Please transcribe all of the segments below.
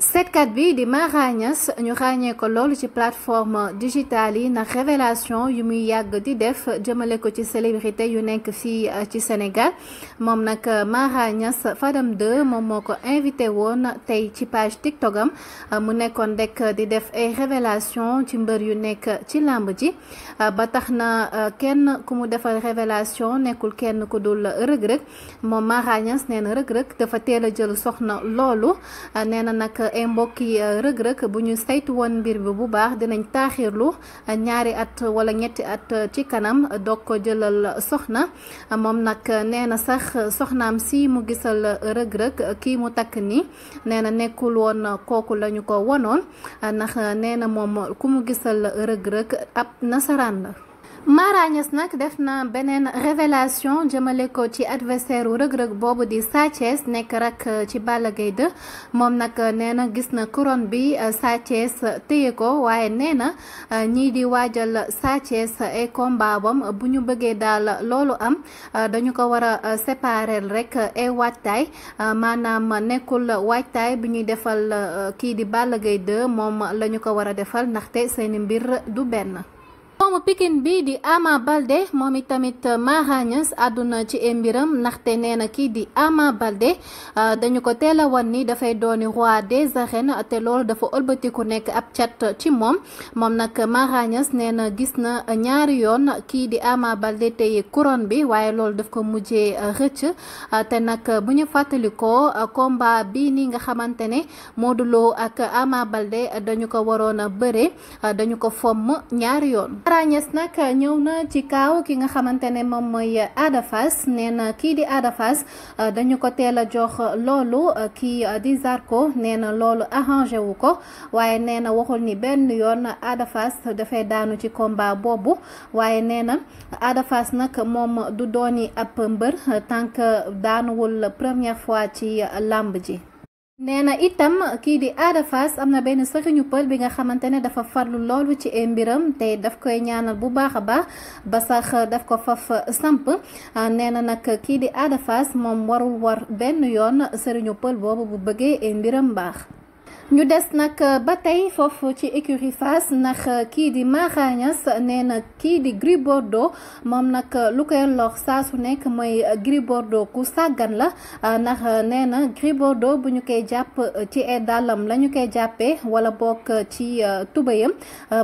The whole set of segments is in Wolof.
seetkat bii di Mara ñu ràññee ko loolu ci plateforme digitale yi ndax révélation yu muy yàgg di def jëmale ko ci célébrité yu nekk fii euh, ci Sénégal moom nag euh, Mara Niass Fadam 2 moom moo ko invité woon tey ci page TikTok euh, mu nekkoon rek di def ay révélation ci mbër yu nekk ci làmb ji ba tax na kenn ku mu defal révélation nekkul kenn ku dul rëg-rëg moom Mara Niass nee na rëg-rëg dafa teel a jël soxna loolu nee na ay mbokk yi euh, rëg-rëg bu ñu saytu woon mbir bi bu baax dinañ taaxirlu ñaari at wala ñetti at ci kanam dog ko jëlal soxna moom nag nee na sax soxnaam si mu gisal rëg-rëg kii mu takk ni nee na nekkul woon kooku lañu ko wonoon ndax nee na moom ku mu gisal rëg-rëg ab nasaraan la Mara nag def na beneen révélation jëmale ko ci adversaire wu rëg boobu di Sa Thiès nekk rak euh, ci Balla Gaye 2 moom nag euh, nee na gis na couronne bi euh, Sa Thiès téye ko waaye nee na ñii di waajal Sa Thiès ay combat bu ñu bëggee daal loolu am dañu ko war a séparer rek ay waajtaay maanaam nekkul waajtaay bi ñuy defal kii di Balla Gaye 2 moom la ñu ko war a defal ndaxte seeni mbir du benn doomu Pikine bi di Ama Baldé moom it tamit Mara àdduna ci ay mbiram ndaxte nee na kii di Ama Baldé euh, dañu ko teel a ni dafay dooni roi des arènes te loolu dafa ëlbatiku nekk ab cat ci moom moom nag Mara Niass na gis na ñaari yoon kii di Ama Baldé tey couronne bi waaye loolu daf ko mujjee euh, rëcc euh, te nag bu ñu fàttalikoo combat bi nii nga xamante ne Modou Lo ak Ama Baldé dañu ko waroon a bëre dañu ko fomm ñaari yoon Moustapha Niass nag ñëw na ci kaaw ki nga xamante ne moom mooy Ada Fass nee na kii di adafas euh, dañu ko teel a jox loolu euh, kii euh, di Zarko nee na loolu arrangé wu ko waaye nee na waxul ni benn yoon adafas dafay daanu ci combat boobu waaye nee na Ada nag moom du dooni ab mbër tant que daanuwul première fois ci làmb ji nee na itam kii di Ada am na benn sëriñu pël bi nga xamante ne dafa farlu loolu ci mbiram tey daf koy ñaanal bu baax a baax ba sax daf ko faf samp ah, nee na nag kii di Ada moom warul war benn yoon sëriñu pël boobu bu bëggee mbiram baax ñu des nag euh, ba tey foofu ci écurie Fass ndax euh, kii di Mara Niass nee na kii di Gris Bordeaux moom nag euh, lu koy lor saa su nekk mooy Gris Bordeaux ku sàggan la ndax nee na Gris Bordeaux bu ñu koy jàpp ci ay dàllam lañu koy jàppee wala bokk ci tubéyam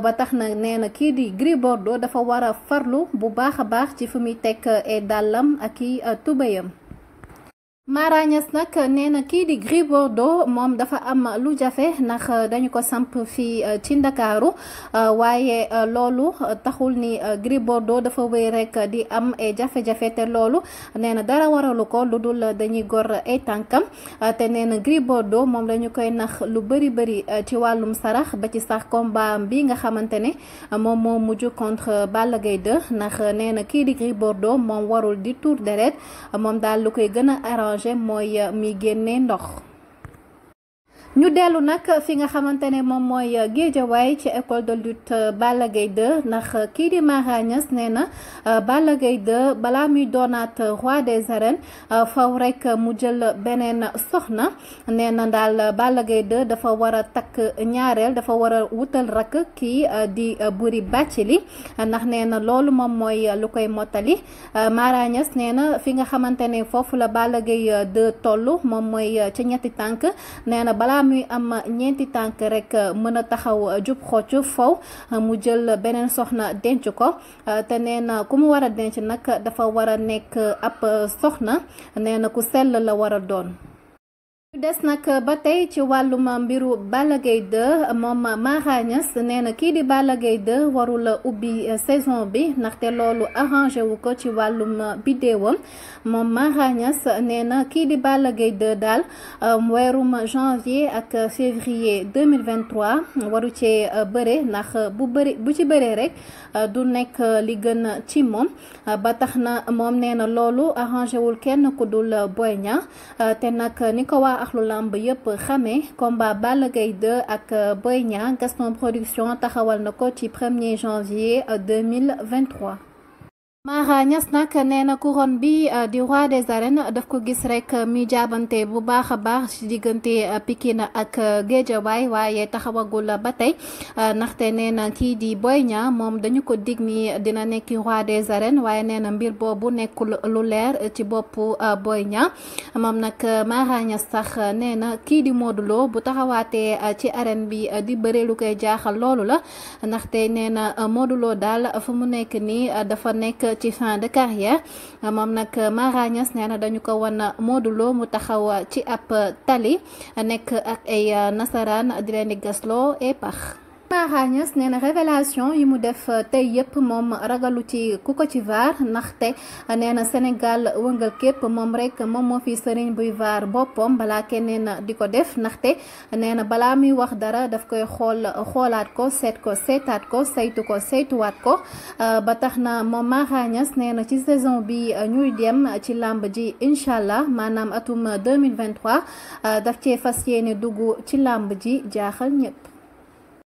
ba tax na nee na kii di Gris Bordeaux dafa war a farlu bu baax a baax ci fu muy teg ay dàllam ak i tubéyam Mara nag nee na kii di Gris Bordeaux moom dafa am lu jafe ndax dañu ko samp fii euh, ci Ndakaaru euh, waaye euh, loolu taxul ni Gris Bordeaux dafa wéy rek di am ay jafe-jafe te loolu nee na dara waralu ko lu dul dañuy gor ay tànkam te nee na Gris Bordeaux moom lañu koy nax lu bëri bëri ci wàllum sarax ba ci sax combat bi nga xamante ne moom moo mujj contre Balla Gaye 2 ndax nee na kii di Gris Bordeaux moom warul di tour deret moom daal lu koy gën a projet mooy euh, mi génnee ndox ñu dellu nag fi nga xamante ne moom mooy géejawaay ci école de lutte Balla Gaye ndax kii di Mara Niass nee na euh, Balla Gaye 2 balaa muy doonaat roi des arènes euh, faw rek mu jël beneen soxna nee na daal Balla Gaye 2 dafa war a takk ñaareel dafa war a wutal rakk kii euh, di Boury li ndax nee na loolu moom mooy lu koy mottali Mara Niass nee na fi nga xamante ne foofu la Balla Gaye 2 toll moom mooy ci ñetti tànk nee balaa muy am ñeenti tànk rek euh, mën a taxaw euh, jub xocc fow euh, mu jël beneen soxna denc ko te nee na ku mu war a denc nag dafa war a nekk ab soxna nee na ku sell la war a doon des nag ba tey ci wàllum mbiru Balla Gaye 2 moom Mara Niass nee na kii di Balla de 2 warula ubbi saison bi ndaxte loolu arrangé wu ko ci wàllum biddéewam moom Mara Niass nee na kii di Balla Gaye daal um, weerum janvier ak février 2023 waru ce uh, bëre ndax bu bëri bu ci bëree rek uh, du nekk li gën ci moom uh, ba tax na moom nee na loolu arrangé wul kenn ku dul Boy te nag ni ko waa axlu làmb yëpp xamee combat Balla Gaye 2 ak euh, Boy Niang Gaston Production taxawal na ko ci 1er janvier 2023 euh, Mara Niass nag nee na couronne bi euh, di roi des arènes daf ko gis rek euh, muy jaabante bu baax a baax ci diggante euh, Pikine ak Guédiawaye waaye taxawagul ba tey ndaxte nee na kii di Boy Niang moom dañu ko dig ni dina nekk roi des arènes waaye nee na mbir boobu nekkul lu leer ci boppu Boy Niang moom nag Mara sax nee na kii di Modou bu taxawaatee ci arène bi di bëre lu koy jaaxal loolu la ndaxte nee na daal fu mu nekk nii dafa nekk. ci fin de carrière moom nag Mara Niass nee na dañu ko wan Modou mu taxaw ci ab tali nekk ak ay nasaraan di leen di gasloo et pax Mara Niass nee na révélation yi mu def euh, tey yëpp moom ragalu ci ku ko ci vaar ndaxte euh, nee na Sénégal wëngal képp moom rek moom moo fi sëriñ buy vaar boppam balaa na di ko def ndaxte nee na balaa muy wax dara daf koy xool xoolaat ko seet ko seetaat ko saytu ko saytuwaat ko euh, ba tax na moom Mara Niass nee na ci saison bi ñuy dem ci làmb ji incha allah maanaam atum 2023 daf cee fas yéene dugg ci làmb ji jaaxal ñëpp.